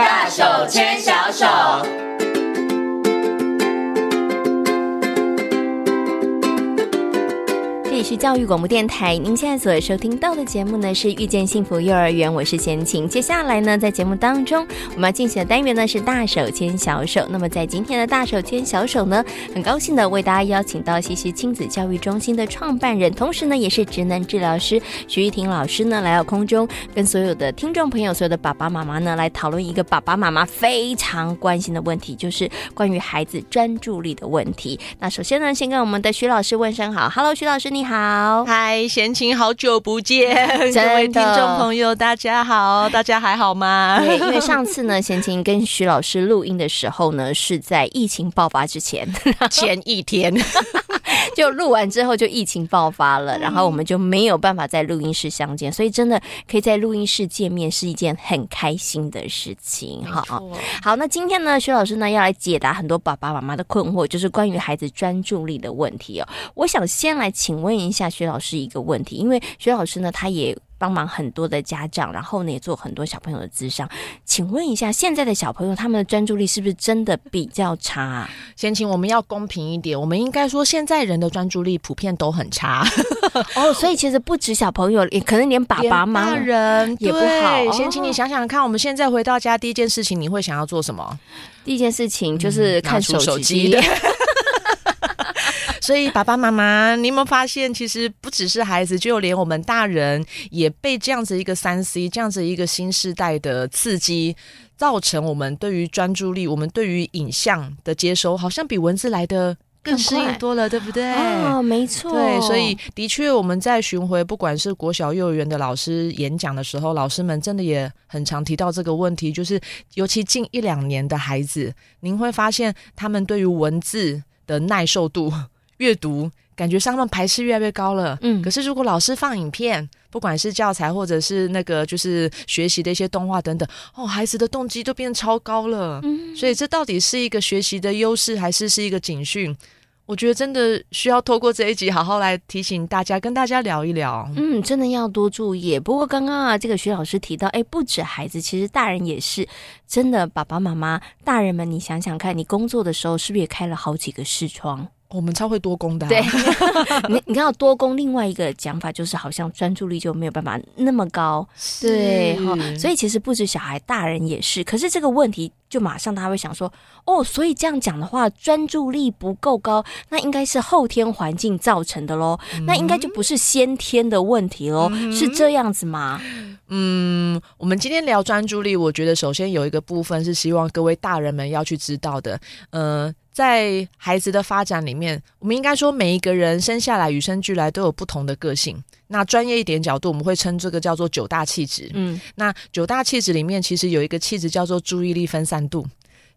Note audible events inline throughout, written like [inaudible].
大手牽小手。是教育廣播電臺，您現在所收聽到的節目呢是《遇見幸福幼兒園》，我是閒情。接下來呢，在節目當中我們要進行的單元呢是“大手牽小手”。那麼在今天的大手牽小手呢，很高興的為大家邀請到惜習親子教育中心的創辦人，同時呢也是職能治療師徐瑜亭老師呢來到空中，跟所有的聽眾朋友、所有的爸爸媽媽呢來討論一個爸爸媽媽非常關心的問題，就是關於孩子專注力的問題。那首先呢，先跟我們的徐老師問聲好，Hello，徐老師，你好。好，嗨，賢琴，好久不見！各位聽眾朋友，大家好，大家還好嗎？因為上次呢，賢 [laughs] 琴跟徐老師錄音的時候呢，是在疫情爆發之前前一天， [laughs] 就錄完之後就疫情爆發了，嗯，然後我們就沒有辦法在錄音室相見，所以真的可以在錄音室見面是一件很開心的事情。好，哦，好，那今天呢，徐老師呢要來解答很多爸爸媽媽的困惑，就是關於孩子專注力的問題哦。我想先來請問。問一下徐老師一個問題，因為徐老師呢，他也幫忙很多的家長，然後呢也做很多小朋友的諮商。請問一下，現在的小朋友他們的專注力是不是真的比較差？先請我們要公平一點，我們應該說，現在人的專注力普遍都很差。哦， [laughs] 所以其實不止小朋友，也可能連爸爸媽媽人也不好。哦。先請你想想看，我們現在回到家第一件事情你會想要做什麼？第一件事情就是看手機。嗯 [laughs] 所以爸爸媽媽，你有沒有發現，其實不只是孩子，就連我們大人也被這樣子一個三 C，這樣子一個新時代的刺激，造成我們對於專注力，我們對於影像的接收，好像比文字來得更適應多了，對不對？哦，沒錯。對，所以的確，我們在巡回，不管是國小、幼兒園的老師演講的時候，老師們真的也很常提到這個問題，就是尤其近一兩年的孩子，你會發現他們對於文字的耐受度。閱讀感覺上面排斥越來越高了，嗯，可是如果老師放影片，不管是教材或者是那個就是學習的一些動畫等等，哦，孩子的動機都變超高了，嗯，所以這到底是一個學習的優勢還是是一個警訊？我覺得真的需要透過這一集好好來提醒大家，跟大家聊一聊，嗯，真的要多注意。不過剛剛啊，這個徐老師提到，哎、欸，不止孩子，其實大人也是，真的爸爸媽媽、大人們，你想想看，你工作的時候是不是也開了好幾個視窗？我們超會多工的，啊，對， [laughs] [laughs] 你你看到多工，另外一個講法，就是好像專注力就沒有辦法那麼高，對，所以其實不止小孩，大人也是。可是這個問題，就馬上他會想說，哦，所以這樣講的話，專注力不夠高，那應該是後天環境造成的嘍，嗯，那應該就不是先天的問題嘍，嗯，是這樣子嗎？嗯，我們今天聊專注力，我覺得首先有一個部分是希望各位大人們要去知道的，嗯、呃。在孩子的發展裡面，我們應該說，每一個人生下來與生俱來都有不同的個性。那專業一點角度，我們會稱這個叫做九大氣質。嗯，那九大氣質裡面，其實有一個氣質叫做注意力分散度。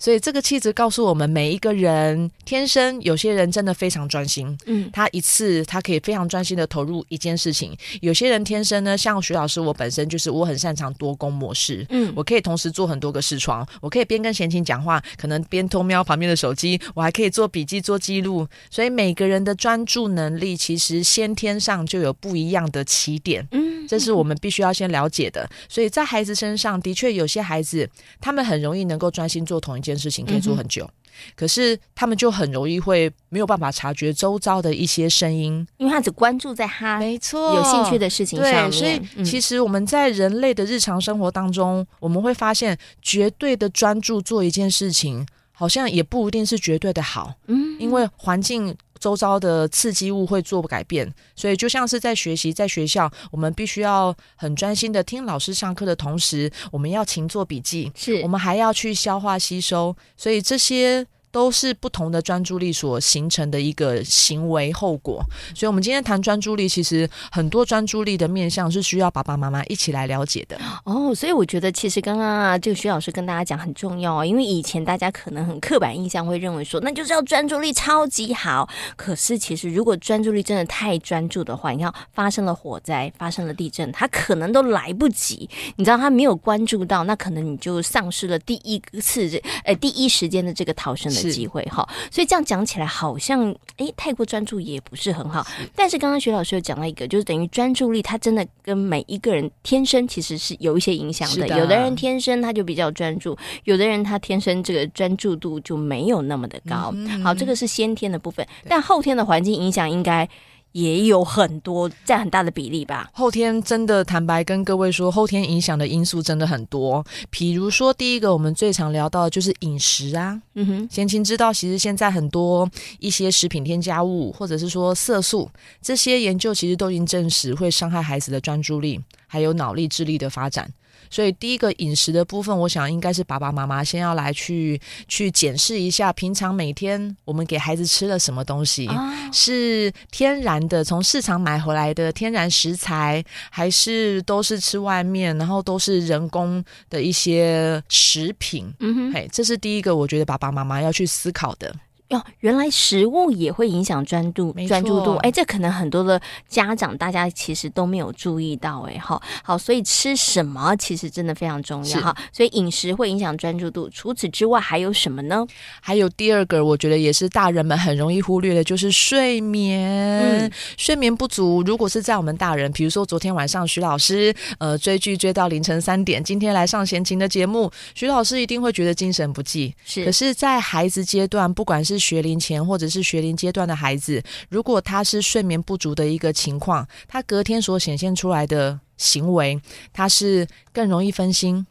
所以這個氣質告訴我們，每一個人天生，有些人真的非常專心，嗯，他一次他可以非常專心的投入一件事情。有些人天生呢，像徐老師我本身就是，我很擅長多工模式，嗯，我可以同時做很多個視窗，我可以邊跟閒情講話，可能邊偷瞄旁邊的手機，我還可以做筆記、做記錄。所以每個人的專注能力其實先天上就有不一樣的起點，嗯，這是我們必須要先了解的。所以在孩子身上的確有些孩子他們很容易能夠專心做同一件。件事情可以做很久，嗯，可是他們就很容易會沒有辦法察覺周遭的一些聲音，因為他只關注在他沒錯有興趣的事情上面。所以其實我們在人類的日常生活當中，嗯，我們會發現絕對的專注做一件事情。好像也不一定是絕對的好，嗯，因為環境周遭的刺激物會做不改變，所以就像是在學習，在學校，我們必須要很專心的聽老師上課的同時，我們要勤做筆記，是我們還要去消化吸收，所以這些。都是不同的專注力所形成的一個行為後果，所以我們今天談專注力，其實很多專注力的面向是需要爸爸媽媽一起來了解的。哦，所以我覺得其實剛剛啊，這個徐老師跟大家講很重要啊、哦，因為以前大家可能很刻板印象會認為說，那就是要專注力超級好，可是其實如果專注力真的太專注的話，你要發生了火災，發生了地震，他可能都來不及，你知道他沒有關注到，那可能你就喪失了第一次這呃、欸、第一時間的這個逃生的。機會哈、嗯，所以這樣講起來好像誒、欸，太過專注也不是很好。是。但是剛剛徐老師有講到一個，就是等於專注力，它真的跟每一個人天生其實是有一些影響的，的。有的人天生他就比較專注，有的人他天生這個專注度就沒有那麼的高，嗯嗯。好，這個是先天的部分，但後天的環境影響應該。也有很多，占很大的比例吧。後天真的，坦白跟各位說，後天影響的因素真的很多。比如說，第一個我們最常聊到的就是飲食啊。嗯哼，先青知道，其實現在很多一些食品添加物或者是說色素，這些研究其實都已經證實會傷害孩子的專注力。還有腦力智力的發展，所以第一個飲食的部分，我想應該是爸爸媽媽先要來去去檢視一下，平常每天我們給孩子吃了什麼東西，哦、是天然的從市場買回來的天然食材，還是都是吃外面，然後都是人工的一些食品？嗯哼，嘿，這是第一個，我覺得爸爸媽媽要去思考的。哦，原來食物也會影響專注專注度，哎，這可能很多的家長大家其實都沒有注意到，哎，好好，所以吃什麼其實真的非常重要哈，所以飲食會影響專注度。除此之外還有什麼呢？還有第二個，我覺得也是大人們很容易忽略的，就是睡眠。嗯，睡眠不足，如果是在我們大人，比如說昨天晚上徐老師呃追劇追到凌晨三點，今天來上《閒情》的節目，徐老師一定會覺得精神不濟。是，可是在孩子階段，不管是學齡前或者是學齡階段的孩子，如果他是睡眠不足的一個情況，他隔天所顯現出來的行為，他是更容易分心、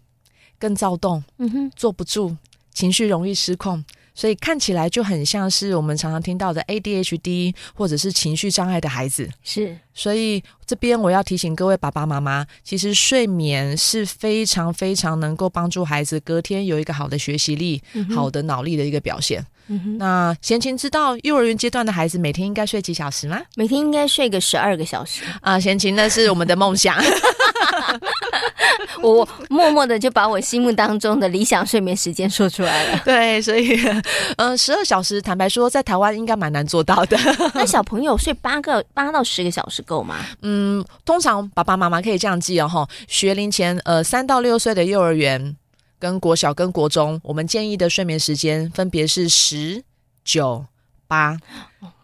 更躁動、坐不住，情緒容易失控，所以看起來就很像是我們常常聽到的 ADHD 或者是情緒障礙的孩子。是，所以這邊我要提醒各位爸爸媽媽，其實睡眠是非常非常能夠幫助孩子隔天有一個好的學習力、好的腦力的一個表現。那賢琴知道幼兒園階段的孩子每天應該睡幾小時嗎？每天應該睡個十二個小時啊！賢琴那是我們的夢想， [laughs] [laughs] [laughs] 我默默的就把我心目當中的理想睡眠時間說出來了。對，所以，呃，十二小時，坦白說，在台灣應該蠻難做到的。 [laughs] 那小朋友睡八個八到十個小時夠嗎？嗯，通常爸爸媽媽可以這樣記哦，哈，學齡前，呃，三到六歲的幼兒園。跟國小跟國中，我們建議的睡眠時間分別是十、九、八。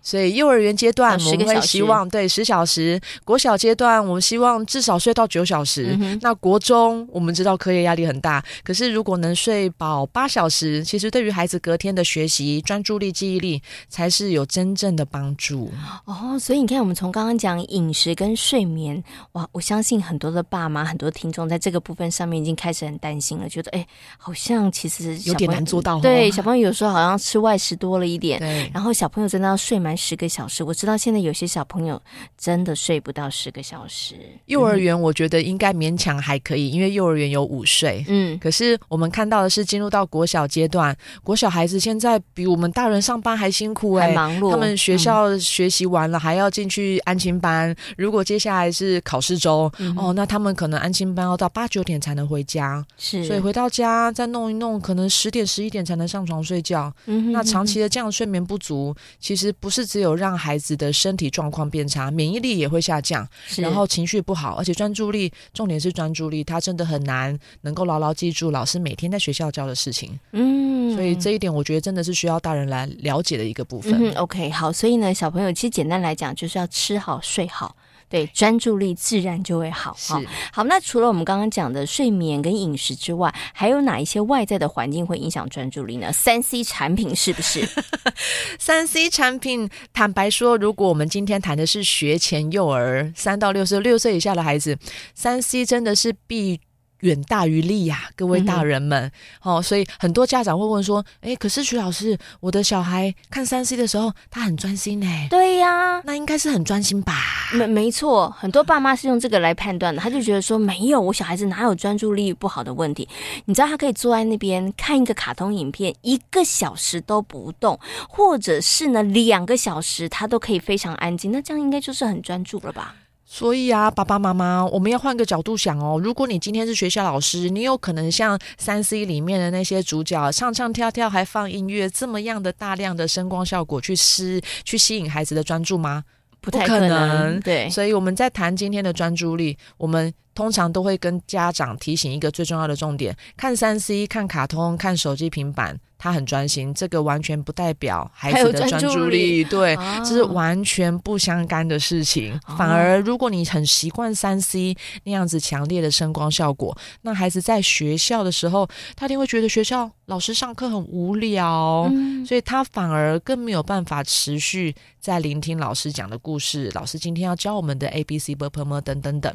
所以幼兒園階段我們會希望對十，小時、哦、十小時，國小階段我們希望至少睡到九小時。嗯、那國中我們知道課業壓力很大，可是如果能睡飽八小時，其實對於孩子隔天的學習專注力、記憶力才是有真正的幫助。哦，所以你看，我們從剛剛講飲食跟睡眠，哇，我相信很多的爸媽、很多聽眾在這個部分上面已經開始很擔心了，覺得哎，好像其實有點難做到、哦。對，小朋友有時候好像吃外食多了一點，對然後小朋友在那睡蠻。十個小時，我知道現在有些小朋友真的睡不到十個小時。幼兒園我覺得應該勉強還可以，因為幼兒園有午睡。嗯，可是我們看到的是進入到國小階段，國小孩子現在比我們大人上班還辛苦哎、欸，還忙碌。他們學校學習完了、嗯、還要進去安親班，如果接下來是考試週、嗯、哦，那他們可能安親班要到八九點才能回家，是。所以回到家再弄一弄，可能十點十一點才能上床睡覺。嗯哼哼哼，那長期的這樣睡眠不足，其實不是，只有讓孩子的身體狀況變差，免疫力也會下降，然後情緒不好，而且專注力，重點是專注力，他真的很難能夠牢牢記住老師每天在學校教的事情。嗯，所以這一點我覺得真的是需要大人來了解的一個部分。嗯，OK，好，所以呢，小朋友其實簡單來講就是要吃好睡好。對，專注力自然就會好哈、哦。好，那除了我們剛剛講的睡眠跟飲食之外，還有哪一些外在的環境會影響專注力呢？三 C 產品是不是？ [laughs] 三 C 產品，坦白說，如果我們今天談的是學前幼兒，三到六歲、六歲以下的孩子，三 C 真的是必。遠大於利呀，各位大人們，嗯、哦，所以很多家長會問說：“誒、欸、可是徐老師，我的小孩看三 C 的時候，他很專心哎、欸。”對呀、啊，那應該是很專心吧？沒沒錯，很多爸媽是用這個來判斷的，他就覺得說：“沒有，我小孩子哪有專注力不好的問題。你知道他可以坐在那邊看一個卡通影片一個小時都不動，或者是呢兩個小時他都可以非常安靜，那這樣應該就是很專注了吧？”所以啊，爸爸媽媽，我們要換個角度想哦。如果你今天是學校老師，你有可能像三 C 裡面的那些主角，唱唱跳跳還放音樂，這麼樣的大量的聲光效果去吸、去吸引孩子的專注嗎？不太可能。對，所以我們在談今天的專注力，我們通常都會跟家長提醒一個最重要的重點：看三 C、看卡通、看手機、平板。他很專心，這個完全不代表孩子的專注、注力，對、啊，這是完全不相干的事情。啊、反而，如果你很習慣三 C 那樣子強烈的聲光效果，那孩子在學校的時候，他一定會覺得學校老師上課很無聊、嗯，所以他反而更沒有辦法持續在聆聽老師講的故事，老師今天要教我們的 A B C ㄅㄆㄇ 等等等。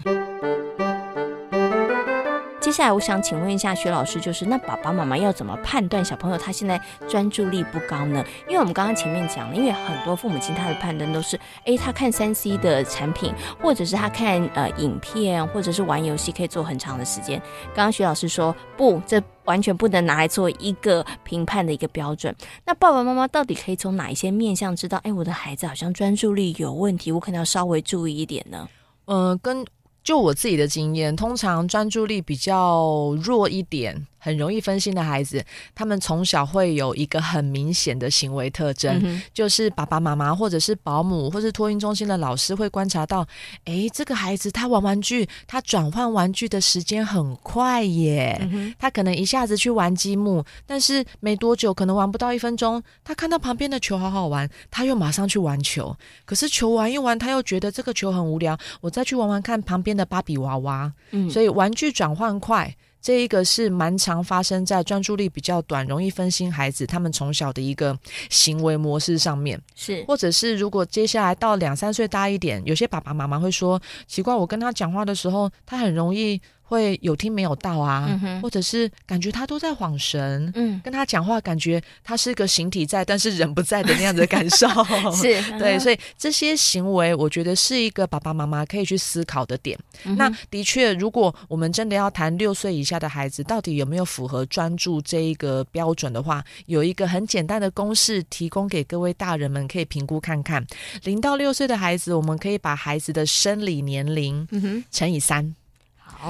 接下來，我想請問一下徐老師，就是那爸爸媽媽要怎麼判斷小朋友他現在專注力不高呢？因為我們剛剛前面講了，因為很多父母親他的判斷都是，誒、欸，他看三 C 的產品，或者是他看呃影片，或者是玩遊戲可以做很長的時間。剛剛徐老師說不，這完全不能拿來做一個評判的一個標準。那爸爸媽媽到底可以從哪一些面向知道，哎、欸，我的孩子好像專注力有問題，我可能要稍微注意一點呢？呃，跟。就我自己的經驗，通常，專注力比較弱一點，很容易分心的孩子，他們從小會有一個很明顯的行為特徵，嗯、就是爸爸媽媽或者是保姆或者是托嬰中心的老師會觀察到，哎，這個孩子他玩玩具，他轉換玩具的時間很快耶、嗯，他可能一下子去玩積木，但是沒多久，可能玩不到一分鐘，他看到旁邊的球好好玩，他又馬上去玩球，可是球玩一玩，他又覺得這個球很無聊，我再去玩玩看旁邊的芭比娃娃，嗯、所以玩具轉換快。這一個是蠻常發生在專注力比較短、容易分心孩子他們從小的一個行為模式上面，是或者是如果接下來到兩三歲大一點，有些爸爸媽媽會說奇怪，我跟他講話的時候，他很容易，會有聽沒有到啊、嗯，或者是感覺他都在晃神、嗯，跟他講話感覺他是個形體在，但是人不在的那樣子的感受。 [laughs] 是，對，嗯、所以這些行為，我覺得是一個爸爸媽媽可以去思考的點。嗯、那的確，如果我們真的要談六歲以下的孩子到底有沒有符合專注這一個標準的話，有一個很簡單的公式提供給各位大人們可以評估看看。零到六歲的孩子，我們可以把孩子的生理年齡乘以三。嗯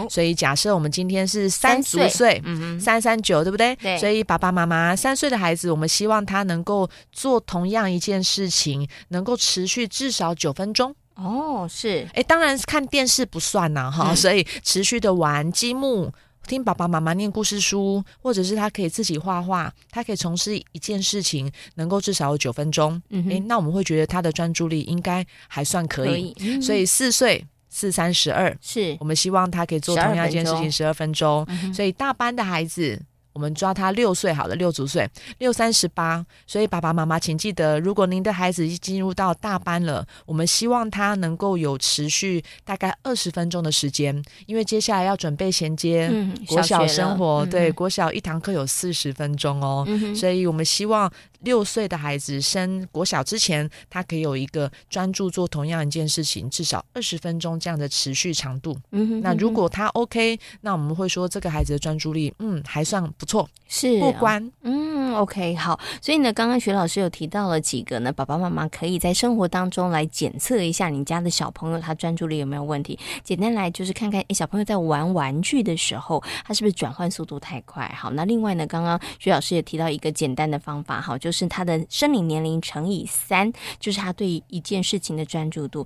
所以假設我們今天是30三歲，嗯嗯，三三九對不對？對。所以爸爸媽媽三歲的孩子，我們希望他能夠做同樣一件事情，能夠持續至少九分鐘。哦，是。哎、欸，當然看電視不算吶，哈、嗯。所以持續的玩積木，聽爸爸媽媽念故事書，或者是他可以自己畫畫，他可以從事一件事情，能夠至少有九分鐘。嗯、欸、那我們會覺得他的專注力應該還算可以。可以。嗯、所以四歲。四三十二，是我們希望他可以做同樣一件事情十二分鐘，嗯，所以大班的孩子，我們抓他六歲好了，好的六足歲六三十八，6, 38, 所以爸爸媽媽請記得，如果您的孩子已進入到大班了，我們希望他能夠有持續大概二十分鐘的時間，因為接下來要準備銜接國小生活，嗯嗯、對，國小一堂課有四十分鐘哦、嗯，所以我們希望。六歲的孩子升國小之前，他可以有一個專注做同樣一件事情至少二十分鐘這樣的持續長度。嗯哼嗯哼，那如果他 OK，那我們會說這個孩子的專注力，嗯，還算不錯，是、哦，過關。嗯，OK，好。所以呢，剛剛徐老師有提到了幾個呢，爸爸媽媽可以在生活當中來檢測一下你家的小朋友他專注力有沒有問題。簡單來就是看看，欸，小朋友在玩玩具的時候，他是不是轉換速度太快？好，那另外呢，剛剛徐老師也提到一個簡單的方法，哈，就是。就是他的生理年齡乘以三，就是他對一件事情的專注度，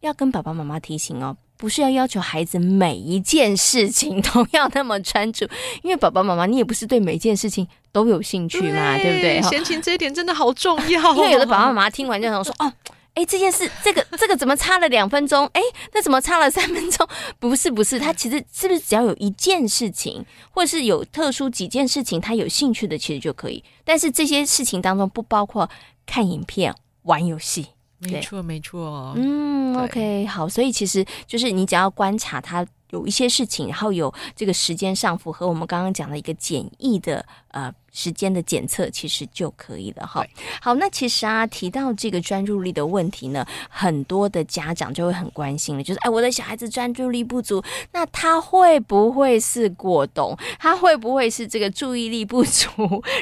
要跟爸爸媽媽提醒哦，不是要要求孩子每一件事情都要那麼專注，因為爸爸媽媽你也不是對每件事情都有興趣嘛，對，對不對？閒情這一點真的好重要，因為有的爸爸媽媽聽完就想說 [laughs] 哦。哎、欸，這件事，這個這個怎麼差了兩分鐘？哎、欸，那怎麼差了三分鐘？不是不是，他其實是不是只要有一件事情，或是有特殊幾件事情，他有興趣的，其實就可以。但是這些事情當中不包括看影片、玩遊戲。沒錯沒錯。沒錯哦、嗯，OK，好。所以其實就是你只要觀察他有一些事情，然後有這個時間上符合我們剛剛講的一個簡易的呃。時間的檢測其實就可以了哈。好，那其實啊，提到這個專注力的問題呢，很多的家長就會很關心了，就是哎、欸，我的小孩子專注力不足，那他會不會是過動？他會不會是這個注意力不足，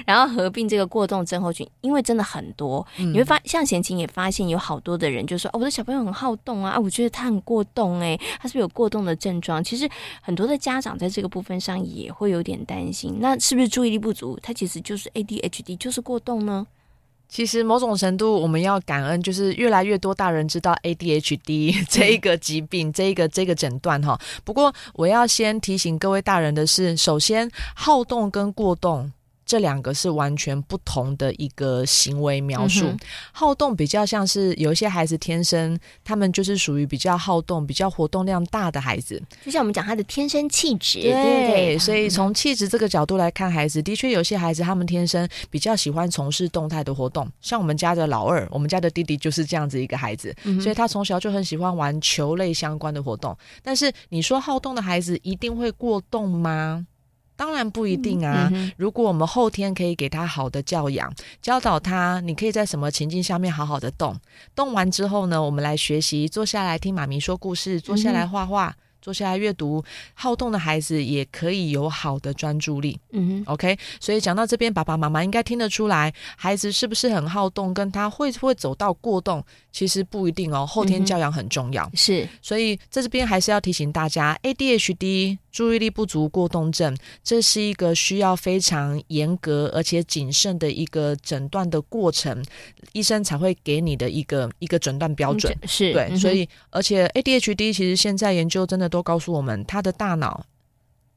然後合併這個過動症候群？因為真的很多，嗯、你會發像賢琴也發現有好多的人就說，哦，我的小朋友很好動啊，啊，我覺得他很過動哎、欸，他是不是有過動的症狀？其實很多的家長在這個部分上也會有點擔心，那是不是注意力不足？他其實。其實就是 ADHD，就是過動呢。其實某種程度，我們要感恩，就是越來越多大人知道 ADHD 這一個疾病，這一個這個診斷哈。 [laughs] 不過我要先提醒各位大人的是，首先好動跟過動。這兩個是完全不同的一個行為描述。嗯。好動比較像是有一些孩子天生，他們就是屬於比較好動、比較活動量大的孩子。就像我們講他的天生氣質，對對，對對。所以從氣質這個角度來看，孩子的確有些孩子他們天生比較喜歡從事動態的活動。像我們家的老二，我們家的弟弟就是這樣子一個孩子，嗯。所以他從小就很喜歡玩球類相關的活動。但是你說好動的孩子一定會過動嗎？當然不一定啊，嗯嗯！如果我們後天可以給他好的教養，教導他，你可以在什麼情境下面好好的動，動完之後呢，我們來學習，坐下來聽媽咪說故事，坐下來畫畫。嗯坐下來閱讀，好動的孩子也可以有好的專注力。嗯哼，OK。所以講到這邊，爸爸媽媽應該聽得出來，孩子是不是很好動，跟他會不會走到過動，其實不一定哦。後天教養很重要，嗯。是，所以在這邊還是要提醒大家，ADHD 注意力不足過動症，這是一個需要非常嚴格而且謹慎的一個診斷的過程，醫生才會給你的一個一個診斷標準，嗯。是，對。所以、嗯、而且 ADHD 其實現在研究真的都。都告訴我們，他的大腦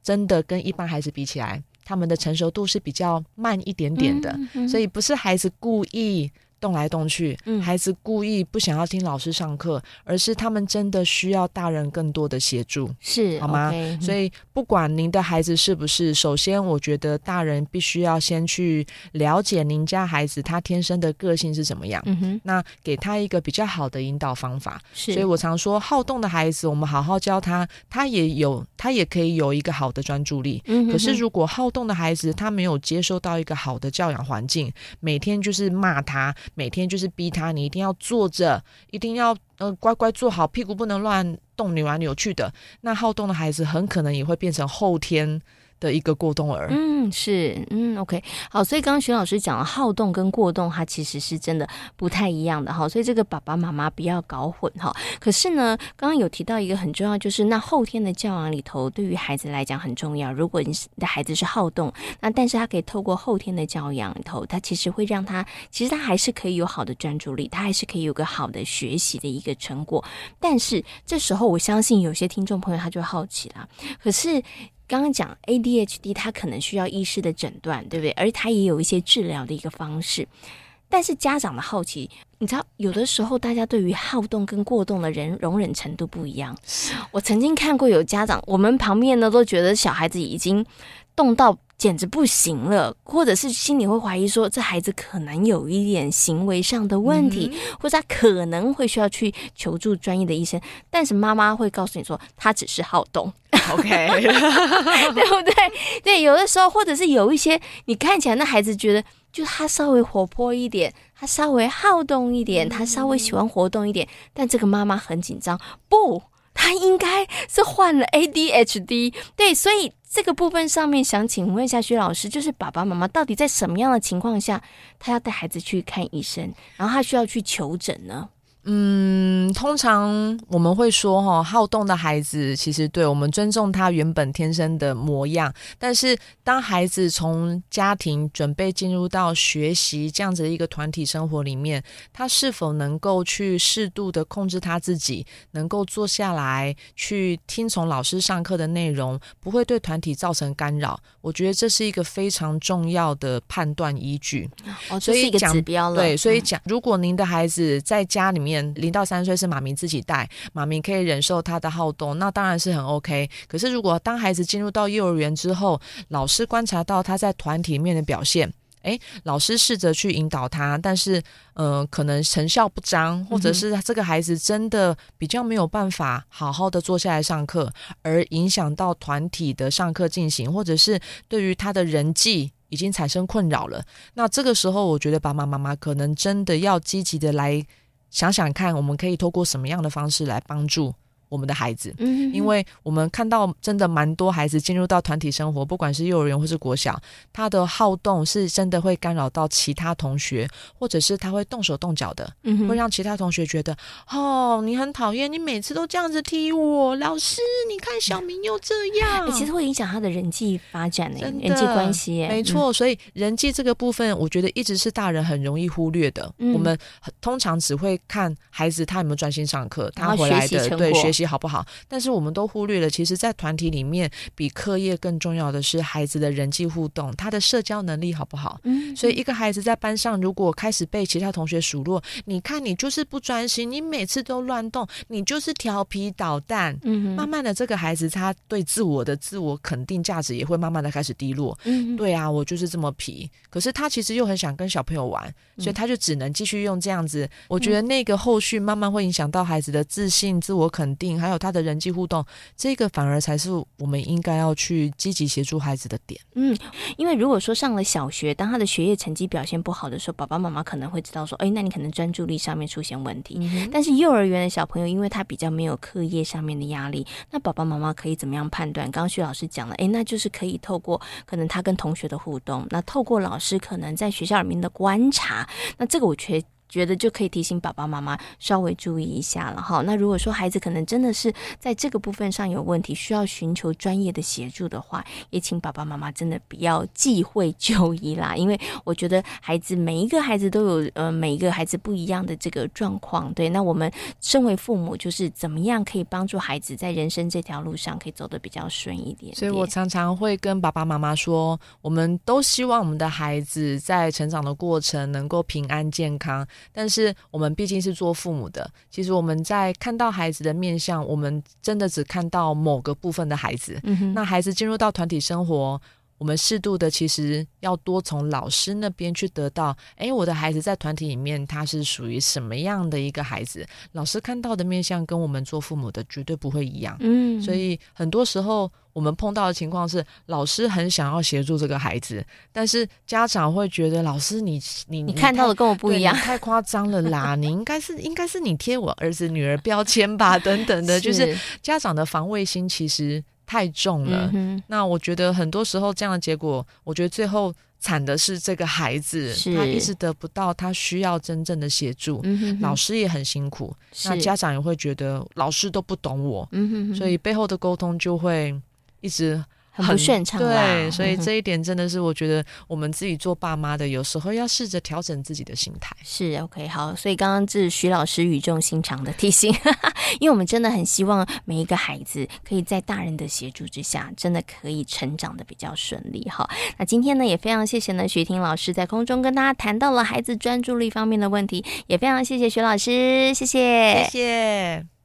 真的跟一般孩子比起來，他們的成熟度是比較慢一點點的，嗯嗯嗯、所以不是孩子故意。動來動去，孩子故意不想要聽老師上課、嗯，而是他們真的需要大人更多的協助，是好嗎、嗯？所以不管您的孩子是不是，首先我覺得大人必須要先去了解您家孩子他天生的個性是怎麼樣、嗯哼，那給他一個比較好的引導方法。是，所以我常說，好動的孩子，我們好好教他，他也有他也可以有一個好的專注力、嗯哼哼。可是如果好動的孩子他沒有接受到一個好的教養環境，每天就是罵他。每天就是逼他，你一定要坐着，一定要呃乖乖坐好，屁股不能亂動，扭來扭去的。那好動的孩子，很可能也會變成後天的一個過動兒，嗯，是，嗯，OK，好，所以剛剛徐老師講了，好動跟過動，它其實是真的不太一樣的哈，所以這個爸爸媽媽不要搞混哈。可是呢，剛剛有提到一個很重要，就是那後天的教養裡頭，對於孩子來講很重要。如果你的孩子是好動，那但是他可以透過後天的教養裡頭，他其實會讓他，其實他還是可以有好的專注力，他還是可以有個好的學習的一個成果。但是這時候，我相信有些聽眾朋友他就好奇了，可是。剛剛講 ADHD，他可能需要醫師的診斷，對不對？而他也有一些治療的一個方式。但是家長的好奇，你知道，有的時候大家對於好動跟過動的人容忍程度不一樣。我曾經看過有家長，我們旁邊呢都覺得小孩子已經動到簡直不行了，或者是心裡會懷疑說，這孩子可能有一點行為上的問題，嗯、或者他可能會需要去求助專業的醫生。但是媽媽會告訴你說，他只是好動。OK， [laughs] [laughs] 對不對？對，有的時候或者是有一些，你看起來那孩子覺得，就他稍微活潑一點，他稍微好動一點，他稍微喜歡活動一點，但這個媽媽很緊張，不，他應該是患了 ADHD。對，所以這個部分上面想請問一下徐老師，就是爸爸媽媽到底在什麼樣的情況下，他要帶孩子去看醫生，然後他需要去求診呢？嗯，通常我們會說哈、哦，好動的孩子其實對我們尊重他原本天生的模樣。但是，當孩子從家庭準備進入到學習這樣子一個團體生活裡面，他是否能夠去適度的控制他自己，能夠坐下來去聽從老師上課的內容，不會對團體造成干擾，我覺得這是一個非常重要的判斷依據。哦，這是一個指標了。所以講，對，所以講，如果您的孩子在家裡面。零到三歲是媽咪自己帶，媽咪可以忍受他的好動，那當然是很 OK。可是如果當孩子進入到幼兒園之後，老師觀察到他在團體面的表現，誒，老師試着去引導他，但是，嗯、呃，可能成效不彰，或者是這個孩子真的比較沒有辦法好好的坐下來上課，嗯，而影響到團體的上課進行，或者是對於他的人際已經產生困擾了。那這個時候，我覺得爸爸媽，媽媽可能真的要積極的來。想想看，我們可以透過什麼樣的方式來幫助我們的孩子，嗯，因為我們看到真的蠻多孩子進入到團體生活，不管是幼兒園或是國小，他的好動是真的會干擾到其他同學，或者是他會動手動腳的，會讓其他同學覺得，嗯、哦，你很討厭，你每次都這樣子踢我，老師，你看小明又這樣，欸、其實會影響他的人際發展的人際關係，沒錯，所以人際這個部分，我覺得一直是大人很容易忽略的，嗯、我們通常只會看孩子他有沒有專心上課，他回來的，然後學習成果，對，學習。好不好？但是我們都忽略了，其實，在團體裡面，比課業更重要的是孩子的人際互動，他的社交能力好不好？嗯。所以，一個孩子在班上如果開始被其他同學數落，你看你就是不專心，你每次都亂動，你就是調皮搗蛋。嗯哼。慢慢的，這個孩子他對自我的自我肯定價值也會慢慢的開始低落。嗯。對啊，我就是這麼皮。可是他其實又很想跟小朋友玩，所以他就只能繼續用這樣子。我覺得那個後續慢慢會影響到孩子的自信、自我肯定，還有他的人際互動，這個反而才是我們應該要去積極協助孩子的點。嗯，因為如果說上了小學，當他的學業成績表現不好的時候，爸爸媽媽可能會知道說，哎，那你可能專注力上面出現問題。嗯、但是幼兒園的小朋友，因為他比較沒有課業上面的壓力，那爸爸媽媽可以怎麼樣判斷？剛剛徐老師講了，哎，那就是可以透過可能他跟同學的互動，那透過老師可能在學校裡面的觀察，那這個我覺。覺得就可以提醒爸爸媽媽稍微注意一下了哈。那如果說孩子可能真的是在這個部分上有問題，需要尋求專業的協助的話，也請爸爸媽媽真的不要忌諱就醫啦。因為我覺得孩子，每一個孩子都有呃每一個孩子不一樣的這個狀況。對，那我們身為父母，就是怎麼樣可以幫助孩子在人生這條路上可以走得比較順一點點。所以我常常會跟爸爸媽媽說，我們都希望我們的孩子在成長的過程能夠平安健康。但是我們畢竟是做父母的，其實我們在看到孩子的面向，我們真的只看到某個部分的孩子。嗯、那孩子進入到團體生活，我們適度的，其實要多從老師那邊去得到。誒、欸，我的孩子在團體裡面，他是屬於什麼樣的一個孩子？老師看到的面相跟我們做父母的絕對不會一樣。嗯，所以很多時候我們碰到的情況是，老師很想要協助這個孩子，但是家長會覺得，老師你你你，你看到的跟我不一樣，太誇張了啦！ [laughs] 你應該是應該是你貼我兒子女兒標籤吧？ [laughs] 等等的，就是家長的防衛心其實。太重了、嗯，那我覺得很多時候這樣的結果，我覺得最後慘的是這個孩子，他一直得不到他需要真正的協助，嗯哼哼，老師也很辛苦，那家長也會覺得老師都不懂我，嗯、哼哼，所以背後的溝通就會一直。很順暢，對，所以這一點真的是我覺得我們自己做爸媽的，有時候要試着調整自己的心態。嗯、是 OK，好，所以剛剛這是徐老師語重心長的提醒， [laughs] 因為我們真的很希望每一個孩子可以在大人的協助之下，真的可以成長的比較順利。哈，那今天呢，也非常謝謝呢，徐瑜亭老師在空中跟大家談到了孩子專注力方面的問題，也非常謝謝徐老師，謝謝，謝謝。